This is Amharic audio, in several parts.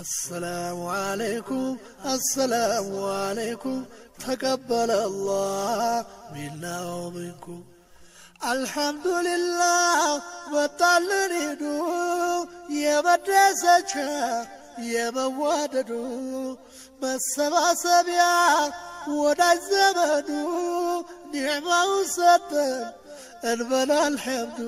አሰላሙ አለይኩም አሰላሙ አለይኩም ተቀበለ አላህ አልሐምዱሊላህ ወጣልን የመዋደዱ መሰባሰቢያ ወዳጅ ዘመዱ ኒዕማውን ሰጠን እንበላ አልሐምዱ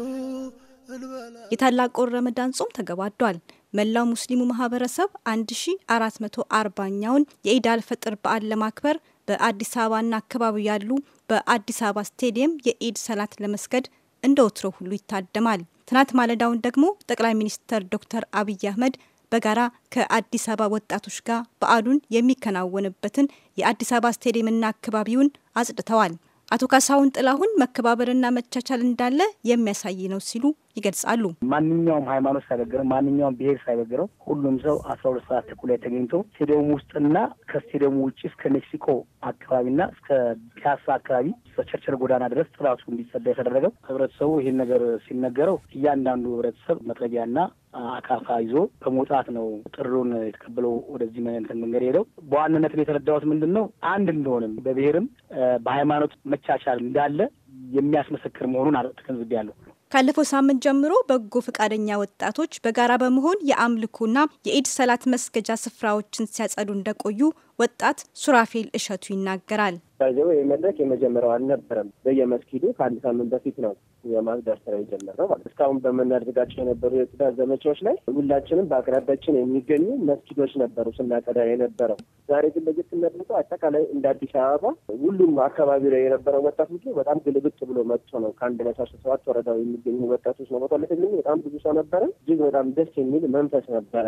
የታላቁ ረመዳን ጾም ተገባዷል። መላው ሙስሊሙ ማህበረሰብ 1440ኛውን የኢዳል አልፈጥር በዓል ለማክበር በአዲስ አበባና አካባቢ ያሉ በአዲስ አበባ ስቴዲየም የኢድ ሰላት ለመስገድ እንደ ወትሮ ሁሉ ይታደማል። ትናንት ማለዳውን ደግሞ ጠቅላይ ሚኒስትር ዶክተር አብይ አህመድ በጋራ ከአዲስ አበባ ወጣቶች ጋር በዓሉን የሚከናወንበትን የአዲስ አበባ ስቴዲየምና አካባቢውን አጽድተዋል። አቶ ካሳሁን ጥላሁን መከባበርና መቻቻል እንዳለ የሚያሳይ ነው ሲሉ ይገልጻሉ። ማንኛውም ሃይማኖት ሳይበግረው፣ ማንኛውም ብሄር ሳይበግረው ሁሉም ሰው አስራ ሁለት ሰዓት ተኩል ላይ ተገኝቶ ስቴዲየሙ ውስጥና ከስቴዲየሙ ውጭ እስከ ሜክሲኮ አካባቢና እስከ ፒያሳ አካባቢ ቸርችል ጎዳና ድረስ ጥራቱ እንዲጸዳ የተደረገው ህብረተሰቡ ይህን ነገር ሲነገረው እያንዳንዱ ህብረተሰብ መጥረቢያና አካፋ ይዞ በመውጣት ነው ጥሩን የተቀበለው። ወደዚህ መንትን መንገድ ሄደው በዋንነት የተረዳሁት ምንድን ነው አንድ እንደሆንም በብሔርም በሃይማኖት መቻቻል እንዳለ የሚያስመሰክር መሆኑን ተገንዝቤያለሁ። ካለፈው ሳምንት ጀምሮ በጎ ፈቃደኛ ወጣቶች በጋራ በመሆን የአምልኮና የኢድ ሰላት መስገጃ ስፍራዎችን ሲያጸዱ እንደቆዩ ወጣት ሱራፌል እሸቱ ይናገራል። ባይዘው ይህ መድረክ የመጀመሪያው አልነበረም። በየመስጊዱ ከአንድ ሳምንት በፊት ነው የማስዳር ስራ የጀመረው ማለት እስካሁን በምናደርጋቸው የነበሩ የጽዳት ዘመቻዎች ላይ ሁላችንም በአቅራቢያችን የሚገኙ መስጊዶች ነበሩ ስናጸዳ የነበረው። ዛሬ ግን ለየት የሚያደርገው አጠቃላይ እንደ አዲስ አበባ ሁሉም አካባቢ ላይ የነበረው ወጣት ጊዜ በጣም ግልብጥ ብሎ መጥቶ ነው ከአንድ መቶ አስራ ሰባት ወረዳ የሚገኙ ወጣቶች ነው። ለትግ በጣም ብዙ ሰው ነበረ። እጅግ በጣም ደስ የሚል መንፈስ ነበረ።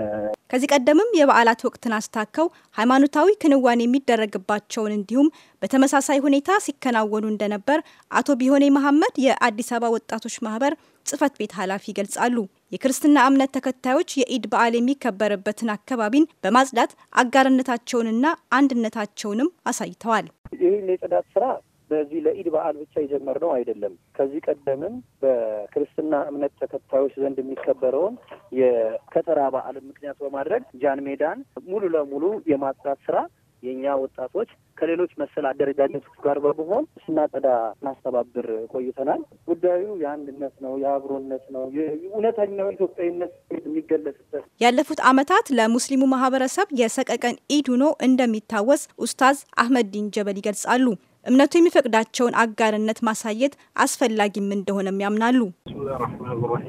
ከዚህ ቀደምም የበዓላት ወቅትን አስታከው ሃይማኖታዊ ክንዋኔ የሚደረግባቸውን እንዲሁም በተመሳሳይ ሁኔታ ሲከናወኑ እንደነበር አቶ ቢሆኔ መሐመድ የአዲስ አበባ ወጣቶች ማህበር ጽህፈት ቤት ኃላፊ ይገልጻሉ። የክርስትና እምነት ተከታዮች የኢድ በዓል የሚከበርበትን አካባቢን በማጽዳት አጋርነታቸውንና አንድነታቸውንም አሳይተዋል። ይህ የጽዳት ስራ በዚህ ለኢድ በዓል ብቻ የጀመርነው አይደለም። ከዚህ ቀደምም በክርስትና እምነት ተከታዮች ዘንድ የሚከበረውን የከተራ በዓል ምክንያት በማድረግ ጃን ሜዳን ሙሉ ለሙሉ የማጽዳት ስራ የእኛ ወጣቶች ከሌሎች መሰል አደረጃጀቶች ጋር በመሆን ስናጸዳ እናስተባብር ቆይተናል። ጉዳዩ የአንድነት ነው፣ የአብሮነት ነው፣ እውነተኛው ኢትዮጵያዊነት የሚገለጽበት። ያለፉት ዓመታት ለሙስሊሙ ማህበረሰብ የሰቀቀን ኢድ ሆኖ እንደሚታወስ ኡስታዝ አህመድ ዲን ጀበል ይገልጻሉ። እምነቱ የሚፈቅዳቸውን አጋርነት ማሳየት አስፈላጊም እንደሆነም ያምናሉ። ብስሚላህ ራህማን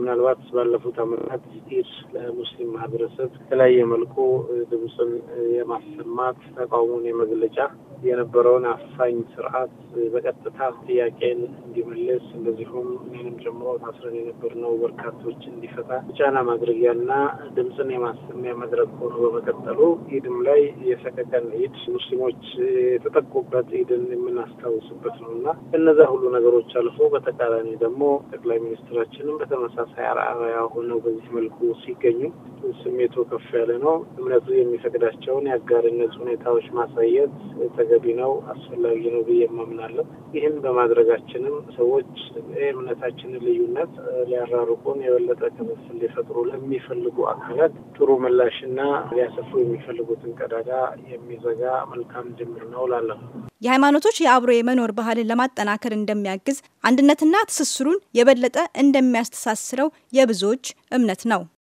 ምናልባት ባለፉት አመታት ኢር ለሙስሊም ማህበረሰብ በተለያየ መልኩ ድምፁን የማሰማት ተቃውሞን የመግለጫ የነበረውን አፋኝ ስርዓት በቀጥታ ጥያቄን እንዲመለስ እንደዚሁም እኔንም ጀምሮ ታስረን የነበርነው በርካቶች እንዲፈታ ጫና ማድረጊያና ድምፅን የማሰሚያ መድረክ ሆኖ በመቀጠሉ ኢድም ላይ የሰቀቀን ኢድ ሙስሊሞች የተጠቁበት ኢድን የምናስታውስበት ነው እና እነዛ ሁሉ ነገሮች አልፎ በተቃራኒ ደግሞ ጠቅላይ ሚኒስትራችንም በተመሳሳይ አርአያ ሆነው በዚህ መልኩ ሲገኙ ስሜቱ ከፍ ያለ ነው። እምነቱ የሚፈቅዳቸውን የአጋርነት ሁኔታዎች ማሳየት ተገቢ ነው፣ አስፈላጊ ነው ብዬ የማምናለሁ። ይህም በማድረጋችንም ሰዎች የእምነታችንን ልዩነት ሊያራርቁን የበለጠ ክፍፍል ሊፈጥሩ ለሚፈልጉ አካላት ጥሩ ምላሽና ሊያሰፉ የሚፈልጉትን ቀዳዳ የሚዘጋ መልካም ጅምር ነው ላለሁ የሃይማኖቶች የአብሮ የመኖር ባህልን ለማጠናከር እንደሚያግዝ አንድነትና ትስስሩን የበለጠ እንደሚያስተሳስረው የብዙዎች እምነት ነው።